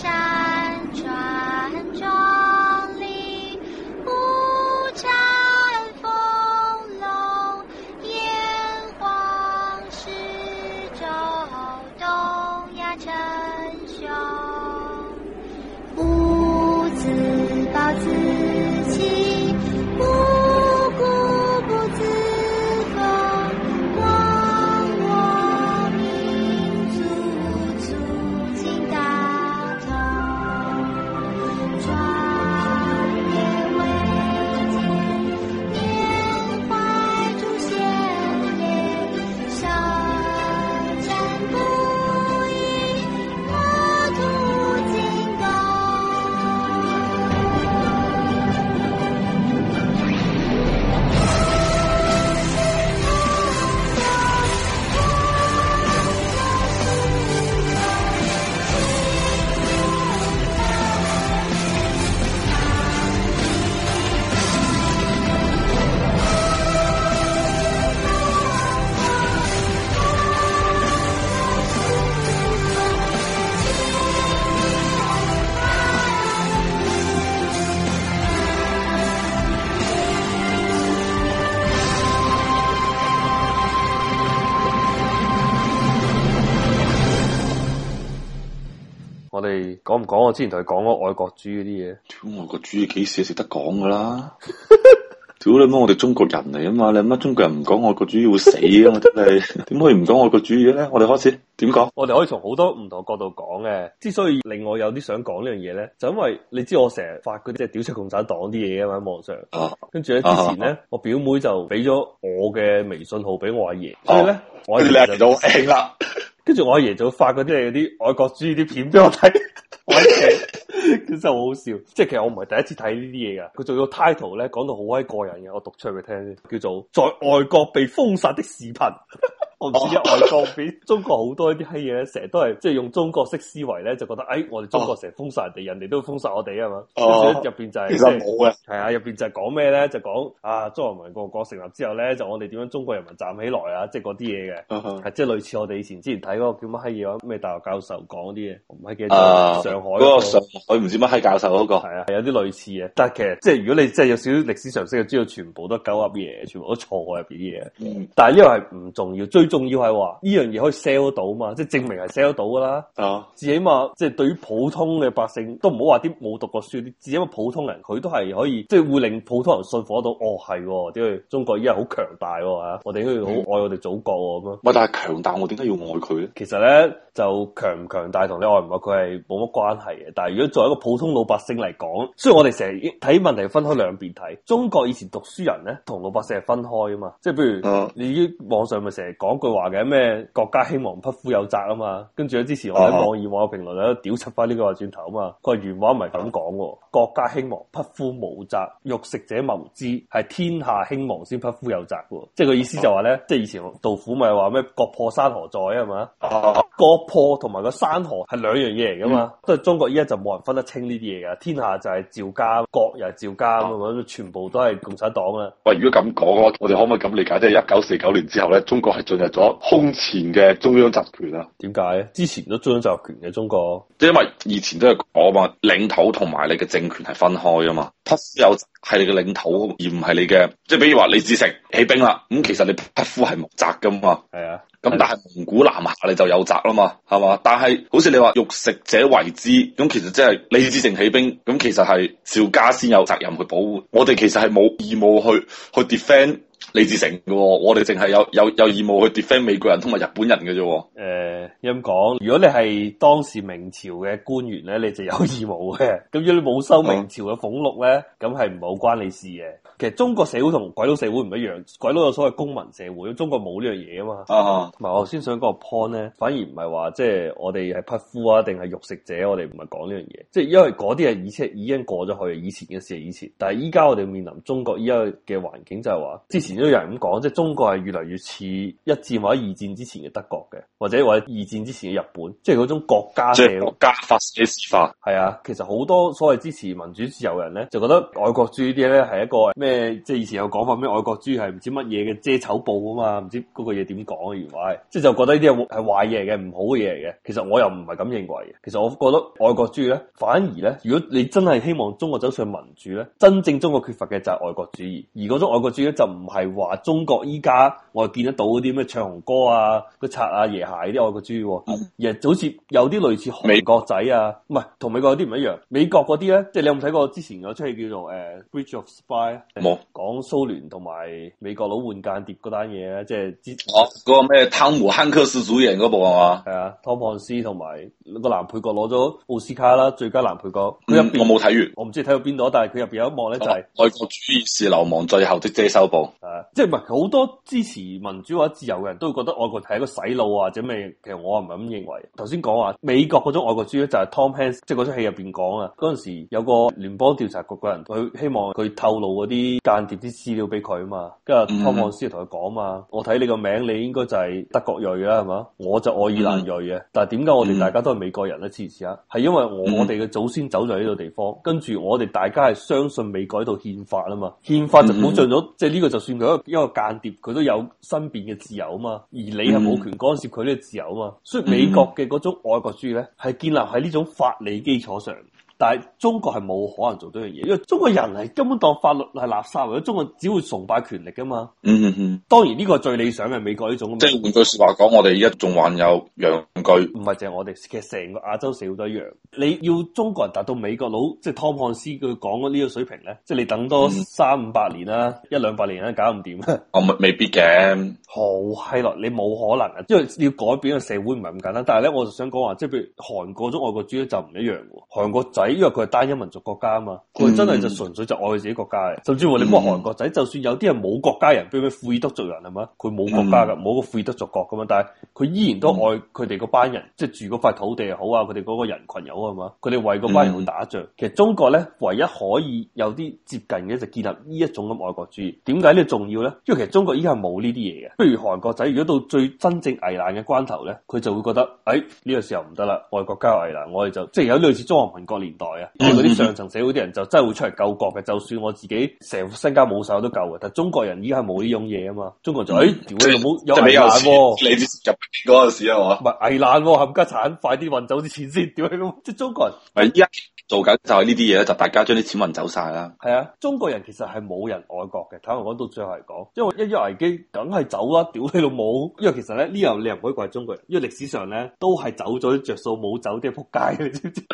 沙。唔講，我之前同佢講過愛國主義啲嘢。屌愛國主義，幾時食得講噶啦？屌你媽！我哋中國人嚟啊嘛，你媽中國人唔講愛國主義要死嘛？真係，點可以唔講愛國主義嘅咧？我哋開始點講？我哋可以從好多唔同角度講嘅。之所以令我有啲想講呢樣嘢咧，就因為你知我成日發嗰啲即係屌出共產黨啲嘢啊嘛喺網上。跟住咧之前咧，我表妹就俾咗我嘅微信號俾我阿爺，所以咧我阿爺就都啦。跟住我阿爺就發嗰啲係嗰啲愛國主義啲片俾我睇。真係好好笑，即係其實我唔係第一次睇呢啲嘢噶，佢做咗 title 咧，講到好威過人嘅，我讀出嚟俾聽先，叫做在外國被封殺的視頻。我唔知啲外國片，中國好多一啲閪嘢，成日都係即係用中國式思維咧，就覺得，哎，我哋中國成日封殺人哋，人哋都封殺我哋啊嘛。跟住入邊就係、是，其實冇嘅，係、就是、啊，入邊就係講咩咧？就講啊，中華民國國成立之後咧，就我哋點樣中國人民站起來啊，就是嗯、啊即係嗰啲嘢嘅，係即係類似我哋以前之前睇嗰個叫乜閪嘢，咩大學教授講啲嘢，唔係記得，啊、上海嗰個上海唔知乜閪教授嗰、那個，係啊，有啲類似嘅，但係其實即係如果你即係有少少歷史常識，就知道全部都係狗噏嘢，全部都錯入邊啲嘢。嗯、但係呢個係唔重要，最重要係話呢樣嘢可以 sell 到嘛？即係證明係 sell 到噶啦。啊，最起碼即係對於普通嘅百姓，都唔好話啲冇讀過書，最起碼普通人佢都係可以，即、就、係、是、會令普通人信服得到。哦，係，點解中國依家好強大？吓、啊，我哋應該要好愛我哋祖國咁、嗯、樣。唔但係強大，我點解要愛佢咧？其實咧，就強唔強大同你愛唔愛佢係冇乜關係嘅。但係如果作為一個普通老百姓嚟講，雖然我哋成日睇問題分開兩邊睇，中國以前讀書人咧同老百姓係分開噶嘛。即係譬如、啊、你於網上咪成日講，句話嘅咩國家興亡匹夫有責啊嘛，跟住咧，之前我喺網易網上評論咧屌七翻呢句話轉頭啊嘛，佢 原話唔係咁講，國家興亡匹夫無責，肉食者謀之，係天下興亡先匹夫有責嘅，即係個意思就話、是、咧，即係以前杜甫咪話咩國破山河在係嘛。 國破同埋個山河係兩樣嘢嚟噶嘛，即係、嗯、中國依家就冇人分得清呢啲嘢噶，天下就係趙家，國又係趙家，咁樣全部都係共產黨啊！喂，如果咁講，我我哋可唔可以咁理解，即係一九四九年之後咧，中國係進入咗空前嘅中央集權啊？點解咧？之前都中央集權嘅中國，即係因為以前都係我話領土同埋你嘅政權係分開噶嘛，有。係你嘅領土而，而唔係你嘅。即係比如話李自成起兵啦，咁其實你匹夫係無責噶嘛。係啊，咁但係蒙古南下你就有責啦嘛，係嘛？但係好似你話肉食者為之，咁其實即係李自成起兵，咁其實係趙家先有責任去保護我哋，其實係冇義務去去 defend。李自成嘅，我哋淨係有有有義務去 defend 美國人同埋日本人嘅啫。誒、呃，咁講，如果你係當時明朝嘅官員咧，你就有義務嘅。咁如果你冇收明朝嘅俸祿咧，咁係唔好關你事嘅。其實中國社會同鬼佬社會唔一樣，鬼佬有所謂公民社會，中國冇呢樣嘢啊嘛。同埋、uh huh. 我先想嗰個 point 咧，反而唔係話即係我哋係匹夫啊，定係肉食者，我哋唔係講呢樣嘢。即係因為嗰啲嘢已經已經過咗去，以前嘅事，以前。但係依家我哋面臨中國依家嘅環境就係話，之前都有人咁講，即係中國係越嚟越似一戰或者二戰之前嘅德國嘅，或者或者二戰之前嘅日本，即係嗰種國家即國家法西斯化。係啊，其實好多所謂支持民主自由人咧，就覺得愛國主義呢啲咧係一個咩？即係以前有講法咩愛國主義係唔知乜嘢嘅遮醜布啊嘛，唔知嗰個嘢點講原嚟，即係就覺得呢啲係壞嘢嚟嘅，唔好嘅嘢嚟嘅。其實我又唔係咁認為，其實我覺得愛國主義咧，反而咧，如果你真係希望中國走上民主咧，真正中國缺乏嘅就係愛國主義，而嗰種愛國主義咧就唔係話中國依家我見得到嗰啲咩唱紅歌啊、個賊啊、爺蟹啲愛國主義、哦，而係就好似有啲類似美國仔啊，唔係同美國有啲唔一樣，美國嗰啲咧，即係你有冇睇過之前有出戲叫做《誒、uh, Bridge of Spy》？冇講蘇聯同埋美國佬換間諜嗰單嘢咧，即係哦嗰個咩湯姆亨克斯主演嗰部啊嘛，係啊，湯漢斯同埋個男配角攞咗奧斯卡啦，最佳男配角。咁、嗯、我冇睇完，我唔知睇到邊度，但係佢入邊有一幕咧，就係、是、愛、啊、國主義是流氓最後的遮羞布。啊，即係唔係好多支持民主或者自由嘅人都會覺得愛國係一個洗腦或者咩？其實我唔係咁認為。頭先講話美國嗰種愛國主義就係 Tom Hanks，即係嗰出戲入邊講啊，嗰陣時有個聯邦調查局嘅人，佢希望佢透露嗰啲。間諜啲資料俾佢啊嘛，mm hmm. 跟住湯漢斯同佢講啊嘛，我睇你個名，你應該就係德國裔啦，係嘛？我就愛爾蘭裔嘅，mm hmm. 但係點解我哋大家都係美國人咧？試一試啊，係因為我哋嘅祖先走咗呢個地方，跟住我哋大家係相信美國喺度憲法啊嘛，憲法就保障咗，mm hmm. 即係呢個就算佢一個間諜，佢都有申辯嘅自由啊嘛，而你係冇權干涉佢呢個自由啊嘛，所以美國嘅嗰種愛國主義咧，係建立喺呢種法理基礎上。但係中國係冇可能做到呢樣嘢，因為中國人係根本當法律係垃圾，或者中國只會崇拜權力㗎嘛。嗯嗯嗯。當然呢個最理想嘅美國呢種國。即係換句説話講，我哋依家仲還有洋句，唔係淨係我哋，其實成個亞洲社會都一樣。你要中國人達到美國佬即係湯漢斯佢講嗰呢個水平咧，即係你等多三五百年啦、啊，一兩百年啦、啊，搞唔掂我未必嘅。好係咯，你冇可能啊，因為你要改變個社會唔係咁簡單。但係咧，我就想講話，即係譬如韓國咗愛國主義就唔一樣喎，韓國仔。因為佢係單一民族國家啊嘛，佢真係就純粹就愛自己國家嘅，甚至乎你摸韓國仔，就算有啲係冇國家人，比如咩庫爾德族人係嘛，佢冇國家嘅，冇 個庫爾德族國咁啊，但係佢依然都愛佢哋嗰班人，即係住嗰塊土地又好啊，佢哋嗰個人群又好係嘛，佢哋為嗰班人去打仗。 其實中國咧，唯一可以有啲接近嘅就建立呢一種嘅愛國主義。點解呢重要咧？因為其實中國依家係冇呢啲嘢嘅，譬如韓國仔，如果到最真正危難嘅關頭咧，佢就會覺得誒呢、哎這個時候唔得啦，外國交危難，我哋就即係有類似中華民國年代啊！嗰啲、嗯、上層社會啲人就真係會出嚟救國嘅，就算我自己成身家冇晒都救嘅。但係中國人依家係冇呢種嘢啊嘛，中國人誒、嗯欸，屌你老母有俾、啊、有錢，你入邊嗰陣時係嘛？唔係危難冚、啊、家產，快啲運走啲錢先，屌你老母，即係、就是、中國人。係依家做緊就係呢啲嘢就大家將啲錢運走晒啦。係啊，中國人其實係冇人愛國嘅。坦白講到最後嚟講，因為一遇危機梗係走啦、啊，屌你老母！因為其實咧呢樣你唔可以怪中國人，因為歷史上咧都係走咗啲着數，冇走啲扑街。你知唔知？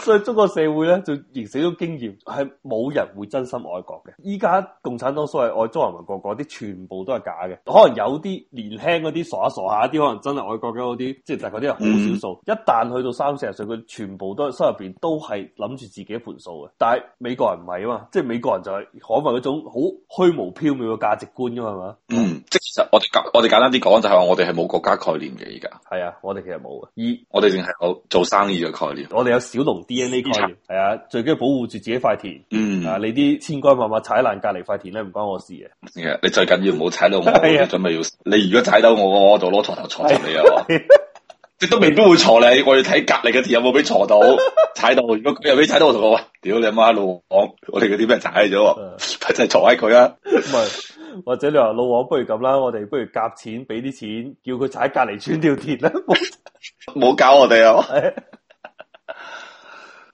所以中國社會咧就形成咗經驗，係冇人會真心愛國嘅。依家共產黨所謂愛中華民國嗰啲，全部都係假嘅。可能有啲年輕嗰啲傻下傻下啲，可能真係愛國嘅嗰啲，即係大係啲係好少數。嗯、一旦去到三四十歲，佢全部都係心入邊都係諗住自己一盤數嘅。但係美國人唔係啊嘛，即係美國人就係可能嗰種好虛無縹緲嘅價值觀噶嘛，嗯。我哋簡單啲講，就係話我哋係冇國家概念嘅，而家係啊，我哋其實冇，啊。咦，我哋淨係有做生意嘅概念，我哋有小農 DNA 概念，係啊，最緊要保護住自己塊田，嗯，啊，你啲千軍萬馬踩爛隔籬塊田咧，唔關我事嘅，啊，你最緊要唔好踩到我，準備要，你如果踩到我，我度攞鋤頭鋤你啊，你都未必會鋤你，我要睇隔籬嘅田有冇俾鋤到，踩到，如果佢又俾踩到，我同佢話，屌你媽一路講，我哋嗰啲咩踩咗，咪就係鋤喺佢啊，係。或者你話老王，不如咁啦，我哋不如夾錢俾啲錢，叫佢踩隔籬村條鐵啦，冇 搞我哋啊！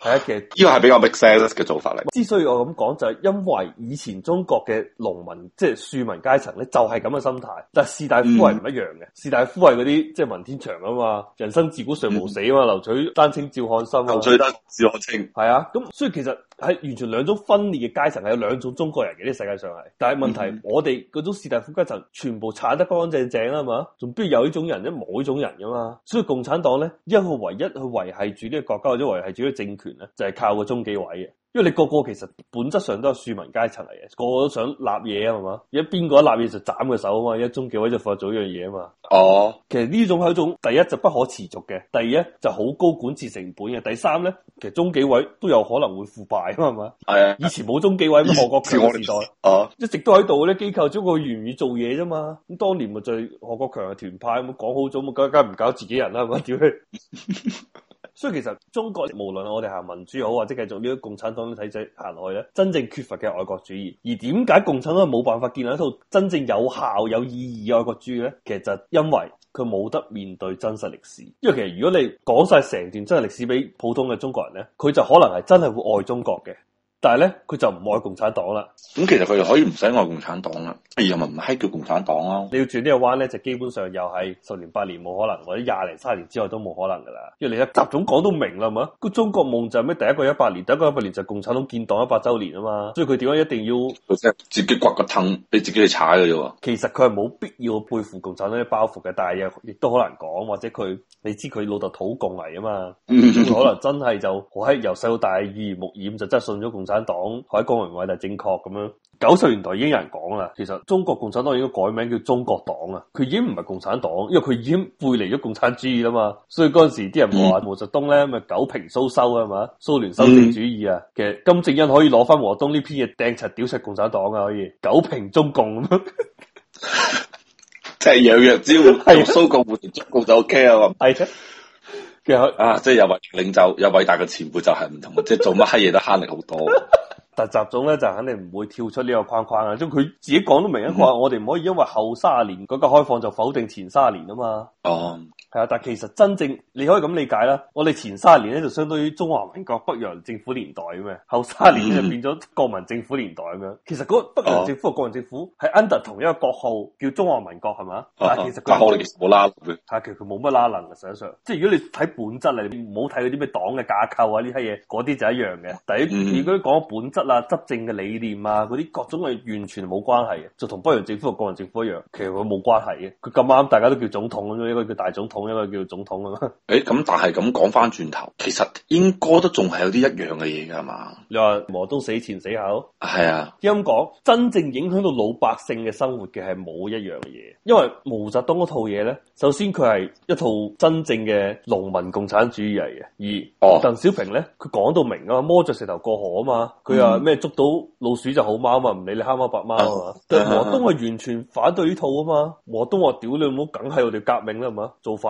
係啊，其實呢個係比較 big sales 嘅做法嚟。之所以我咁講，就係、是、因為以前中國嘅農民，即係庶民階層咧，就係咁嘅心態。但士大夫係唔一樣嘅，嗯、士大夫係嗰啲即係文天祥啊嘛，人生自古誰無死啊嘛，留、嗯、取丹青照汗心，留取丹照汗青係啊，咁所以其實喺完全兩種分裂嘅階層，係有兩種中國人嘅呢？世界上係。但係問題，嗯、我哋嗰種士大夫階層全部擦得乾乾淨淨啦嘛，仲不如有呢種人咧，冇呢種人噶嘛。所以共產黨咧，一個唯一去維繫住呢個國家或者維繫住，個，維住個政權。就係靠個中紀委嘅，因為你個個其實本質上都係庶民階層嚟嘅，個個都想立嘢啊嘛，而家邊個一立嘢就斬佢手啊嘛，而家中紀委就發咗一樣嘢啊嘛。哦，其實呢種係一種第一就不可持續嘅，第二咧就好高管治成本嘅，第三咧其實中紀委都有可能會腐敗啊嘛，係嘛？係啊，以前冇中紀委咩、啊、何國強年代，哦、啊，一直都喺度咧機構，只不過願意做嘢啫嘛，咁當年咪最何國強嘅團派，咁講好咗，咁梗係唔搞自己人啦，係嘛？屌 所以其實中國無論我哋行民主好，或者繼續呢啲共產黨體制行落去咧，真正缺乏嘅愛國主義。而點解共產黨冇辦法建立一套真正有效、有意義嘅愛國主義咧？其實就因為佢冇得面對真實歷史。因為其實如果你講晒成段真實歷史俾普通嘅中國人咧，佢就可能係真係會愛中國嘅。但係咧，佢就唔愛共產黨啦。咁其實佢又可以唔使愛共產黨啦，人咪唔係叫共產黨咯，啊。你要轉呢個彎咧，就基本上又係十年八年冇可能，或者廿零卅年之後都冇可能噶啦。因為一習總講都明啦，嘛。個中國夢就係咩？第一個一百年，第一個一百年就共產黨建黨一百週年啊嘛。所以佢點解一定要自己掘個氹俾自己去踩嘅啫。其實佢係冇必要佩服共產黨嘅包袱嘅，但係又亦都好難講，或者佢你知佢老豆土共嚟啊嘛，可能真係就好閪由細到大耳濡目染，就真係信咗共。共產黨喺國民偉大正確咁樣，九十年代已經有人講啦。其實中國共產黨應該改名叫中國黨啊，佢已經唔係共產黨，因為佢已經背離咗共產主義啊嘛。所以嗰陣時啲人話毛澤東咧咪九評蘇修啊嘛，蘇聯修正主義啊。其實金正恩可以攞翻和東呢篇嘢掟齊屌晒共產黨啊，可以九評中共咁樣，即係養羊之乎係蘇共換中共就 OK 啊嘛，係咪？其實啊，即係有偉領袖有偉大嘅前輩就係唔同嘅， 即係做乜閪嘢都慳力好多 但習總呢。但係習總咧就肯定唔會跳出呢個框框嘅，即係佢自己講都明一個話，嗯、我哋唔可以因為後卅年嗰個開放就否定前卅年啊嘛。嗯係啊，但係其實真正你可以咁理解啦，我哋前三十年咧就相當於中華民國北洋政府年代咁樣，後三十年就變咗國民政府年代咁樣。其實嗰北洋政府同國民政府係 under 同一個國號，叫中華民國係嘛？Uh、huh, 但其實佢，國號其實冇拉佢。嘅，其實佢冇乜拉能。嘅。實際上，即係如果你睇本質嚟，唔好睇嗰啲咩黨嘅架構啊呢啲嘢，嗰啲就一樣嘅。第一，uh huh. 如果你講本質啊、執政嘅理念啊，嗰啲各種係完全冇關係嘅，就同北洋政府同國民政府一樣，其實佢冇關係嘅。佢咁啱大家都叫總統咁樣，一、這個叫大總統。因為叫總統啊嘛，誒咁但係咁講翻轉頭，其實應該都仲係有啲一樣嘅嘢噶嘛。你話毛澤東死前死後，係啊，咁講真正影響到老百姓嘅生活嘅係冇一樣嘢，因為毛澤東嗰套嘢咧，首先佢係一套真正嘅農民共產主義嚟嘅，而鄧小平咧，佢講到明啊，摸着石頭過河啊嘛，佢話咩捉到老鼠就好貓啊嘛，唔理你黑貓白貓啊嘛，但係毛東係完全反對呢套啊嘛，毛澤東話屌你老母，梗係我哋革命啦，係嘛做法。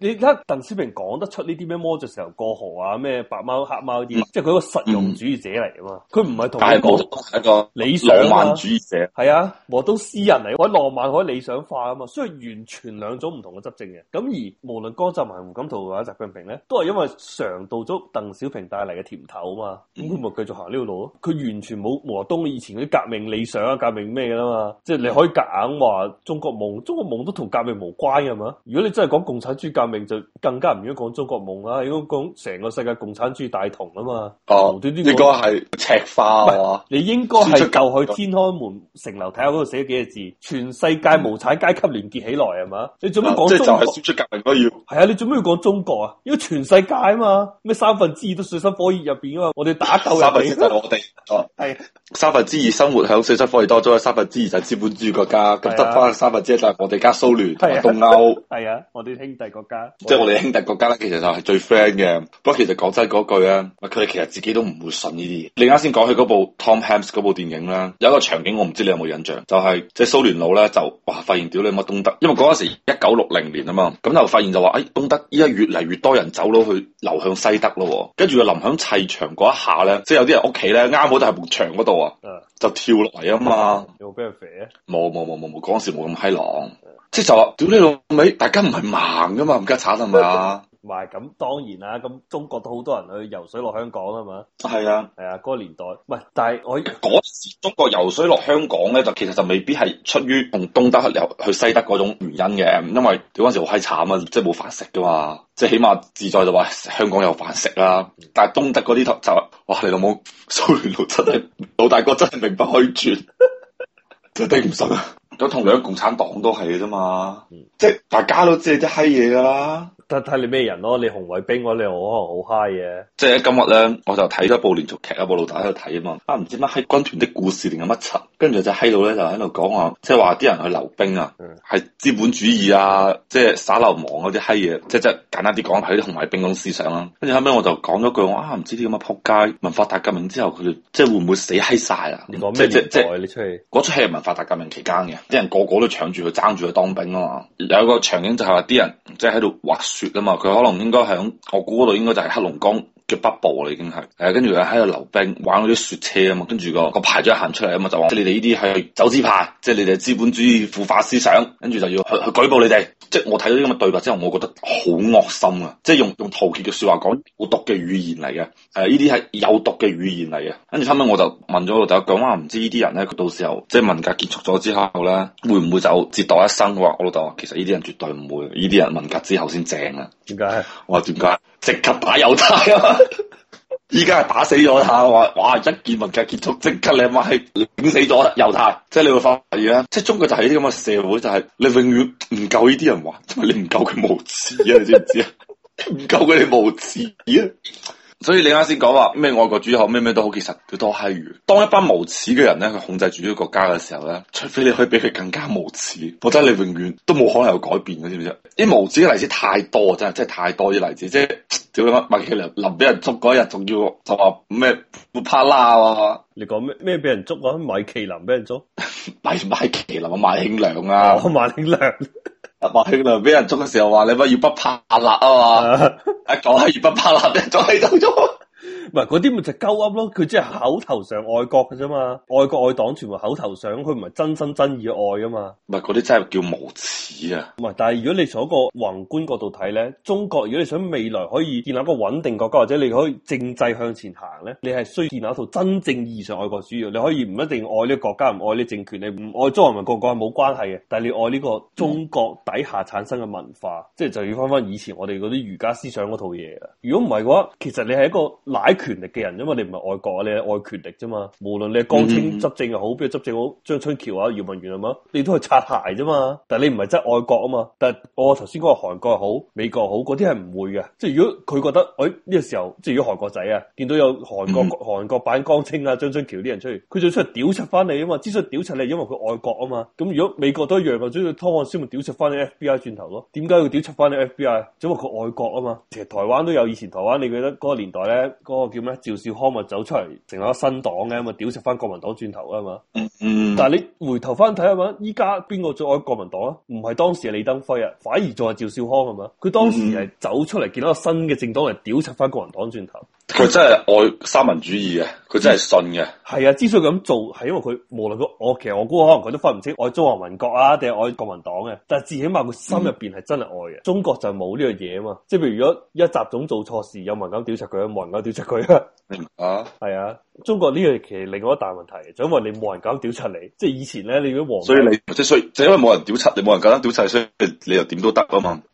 你睇鄧小平講得出呢啲咩，摸住石頭過河啊，咩白貓黑貓啲，嗯、即係佢個實用主義者嚟啊嘛，佢唔係同一個理想主義者，係啊，毛澤東詩人嚟，可以浪漫可以理想化啊嘛，所以完全兩種唔同嘅執政嘅。咁而無論江澤民、胡錦濤或者習近平咧，都係因為嘗到咗鄧小平帶嚟嘅甜頭啊嘛，咁佢咪繼續行呢條路咯。佢完全冇毛澤東以前嗰啲革命理想啊革命咩噶啦嘛，即係你可以夾硬話中國夢，中國夢都同革命無關噶嘛？如果你真係講共產主義革、革命。就更加唔應該講中國夢啊，如果講成個世界共產主義大同啊嘛，哦、啊，無端端呢個應該係赤化啊，不你應該係出去天安門城樓睇下嗰度寫咗幾個字，全世界無產階級連結起來係嘛？你做乜講即係就係、是、輸出革命都要係啊？你做乜要講中國啊？因為全世界啊嘛，咩三分之二都水深火熱入邊啊嘛，我哋打鬥，三分之我哋係、啊啊、三分之二生活響水深火熱當中，三分之二就資本主義國家咁，得翻三分之二就我哋加蘇聯同東歐係啊，我哋兄弟國家。即係我哋兄弟國家咧，其實就係最 friend 嘅。不過其實講真嗰句啊，佢哋其實自己都唔會信呢啲嘢。你啱先講起嗰部 Tom Hanks 嗰部電影啦，有一個場景我唔知你有冇印象，就係、是、即係蘇聯佬咧就哇發現屌你乜東德，因為嗰時一九六零年啊嘛，咁就發現就話哎東德依家越嚟越多人走佬去流向西德咯，跟住就臨響砌牆嗰一下咧，即係有啲人屋企咧啱好都係木牆嗰度啊。 就跳落嚟啊嘛！有咩肥啊？冇冇冇冇冇，講笑，冇咁閪狼，即係 就話屌你老味！大家唔係盲噶嘛，唔該賊係咪啊？ 咪咁當然啦，咁中國都好多人去游水落香港啦嘛。係啊的，係啊，嗰、那個年代，唔但係我嗰時中國游水落香港咧，就其實就未必係出於同東德去游去西德嗰種原因嘅，因為嗰陣時好閪慘啊，即係冇飯食噶嘛，即係起碼自在就話香港有飯食啦。但係東德嗰啲就哇，你老母蘇聯佬真係老大哥真係明白去轉，頂唔順啊！都同兩共產黨都係嘅啫嘛，嗯、即係大家都知啲閪嘢噶啦，得睇你咩人咯、啊。你紅衛兵嗰、啊、啲我係好閪嘢。即係今日咧，我就睇咗部連續劇啊，一部老豆喺度睇啊嘛。啊唔知乜閪軍團的故事定係乜柒？跟住就閪佬咧就喺度講話，即係話啲人去溜冰啊，係資、嗯、本主義啊，即係耍流氓嗰啲閪嘢。即即簡單啲講係啲紅衛兵嗰種思想啦、啊。跟住後尾我就講咗句我啊，唔知啲咁嘅撲街文化大革命之後佢哋即係會唔會死閪晒啊？咩即即你出去嗰出戲係文化大革命期間嘅。啲人個個都搶住去爭住去當兵啊嘛！有一個場景就係話啲人即係喺度滑雪啊嘛，佢可能應該係響我估嗰度應該就係黑龍江嘅北部啦已經係，誒跟住佢喺度溜冰玩嗰啲雪車啊嘛，跟住個個排長行出嚟啊嘛，就話你哋呢啲係走資派，即係你哋資本主義腐化思想，跟住就要去去舉報你哋。即係我睇到呢咁嘅對白之後，我覺得好惡心啊！即係用用陶傑嘅說話講，有毒嘅語言嚟嘅，誒、呃，呢啲係有毒嘅語言嚟嘅。跟住差唔多我就問咗我老豆一句，話唔知呢啲人咧，佢到時候即係文革結束咗之後咧，會唔會就折墮一生嘅話？我老豆話，其實呢啲人絕對唔會，呢啲人文革之後先正啊。點解？我話點解？即刻打猶太啊！ 依家係打死咗下話哇，一見文革結束，即刻你阿媽係頂死咗猶太，即係你會發覺啊！即係中國就係呢啲咁嘅社會，就係、是、你永遠唔夠呢啲人玩，你唔夠佢無恥啊！你知唔知 你啊？唔夠佢哋無恥啊！所以你啱先講話咩外國主義也好，咩咩都好，其實都多閪餘。當一班無恥嘅人咧，佢控制住呢個國家嘅時候咧，除非你可以比佢更加無恥，否則，你永遠都冇可能有改變嘅，知唔知？啲無恥嘅例子太多，真係真係太多啲例子，即係屌你媽，麥奇林林俾人捉嗰日，仲要，就話咩怕啦、啊？你講咩咩俾人捉啊？米奇林俾人捉？咪咪奇林啊，麥慶良啊，哦、麥慶良。 阿馬兄啊，畀人捉嘅時候話你乜越不怕辣啊嘛，一講係越不怕辣，俾人捉起就捉。 唔係嗰啲咪就鳩噏咯，佢只係口頭上愛國嘅啫嘛，愛國愛黨全部口頭上，佢唔係真心真意愛啊嘛。唔係嗰啲真係叫無恥啊。唔係，但係如果你從一個宏觀角度睇咧，中國如果你想未來可以建立一個穩定國家，或者你可以政制向前行咧，你係需要建立一套真正意義上愛國主義。你可以唔一定愛呢個國家，唔愛呢個政權，你唔愛中華人民共和國係冇關係嘅。但係你愛呢個中國底下產生嘅文化，嗯、即係就要翻翻以前我哋嗰啲儒家思想嗰套嘢啦。如果唔係嘅話，其實你係一個。奶權力嘅人，因為你唔係愛國啊，你係愛權力啫嘛。無論你係江青執政又好，邊個執政好，張春橋啊、姚文元啊嘛，你都係擦鞋啫嘛。但係你唔係真係愛國啊嘛。但係我頭先講韓國又好，美國又好，嗰啲係唔會嘅。即係如果佢覺得，哎呢個時候，即係如果韓國仔啊，見到有韓國韓國版江青啊、張春橋啲人出嚟，佢就出嚟屌柒翻你啊嘛。之所以屌柒你，因為佢愛國啊嘛。咁如果美國都一樣嘅，只要湯漢先會屌柒翻啲 FBI 轉頭咯。點解要屌柒翻啲 FBI？因為佢愛國啊嘛。其實台灣都有以前台灣，你記得嗰個年代咧。嗰個叫咩？趙少康咪走出嚟成立新黨嘅，咁啊屌柒翻國民黨轉頭啊嘛！嗯嗯、但係你回頭翻睇下，嘛，依家邊個最愛國民黨啊？唔係當時嘅李登輝啊，反而仲係趙少康啊嘛！佢當時係走出嚟見到個新嘅政黨嚟屌柒翻國民黨轉頭，佢、嗯、真係愛三民主義啊，佢真係信嘅。係、嗯、啊，之所以咁做，係因為佢無論佢，我其實我估可能佢都分唔清愛中華民國啊，定係愛國民黨嘅。但係至起碼佢心入邊係真係愛嘅。嗯、中國就冇呢個嘢啊嘛！即係譬如如果一集總做錯事，有冇人敢屌柒佢，有民食佢 啊！啊，係啊！中國呢樣其實另外一大問題，就是、因為你冇人敢屌柒你，即係以前咧，你如果皇，所以你即係所以就因為冇人屌柒你，冇人敢諗屌柒，所以你又點都得啊嘛。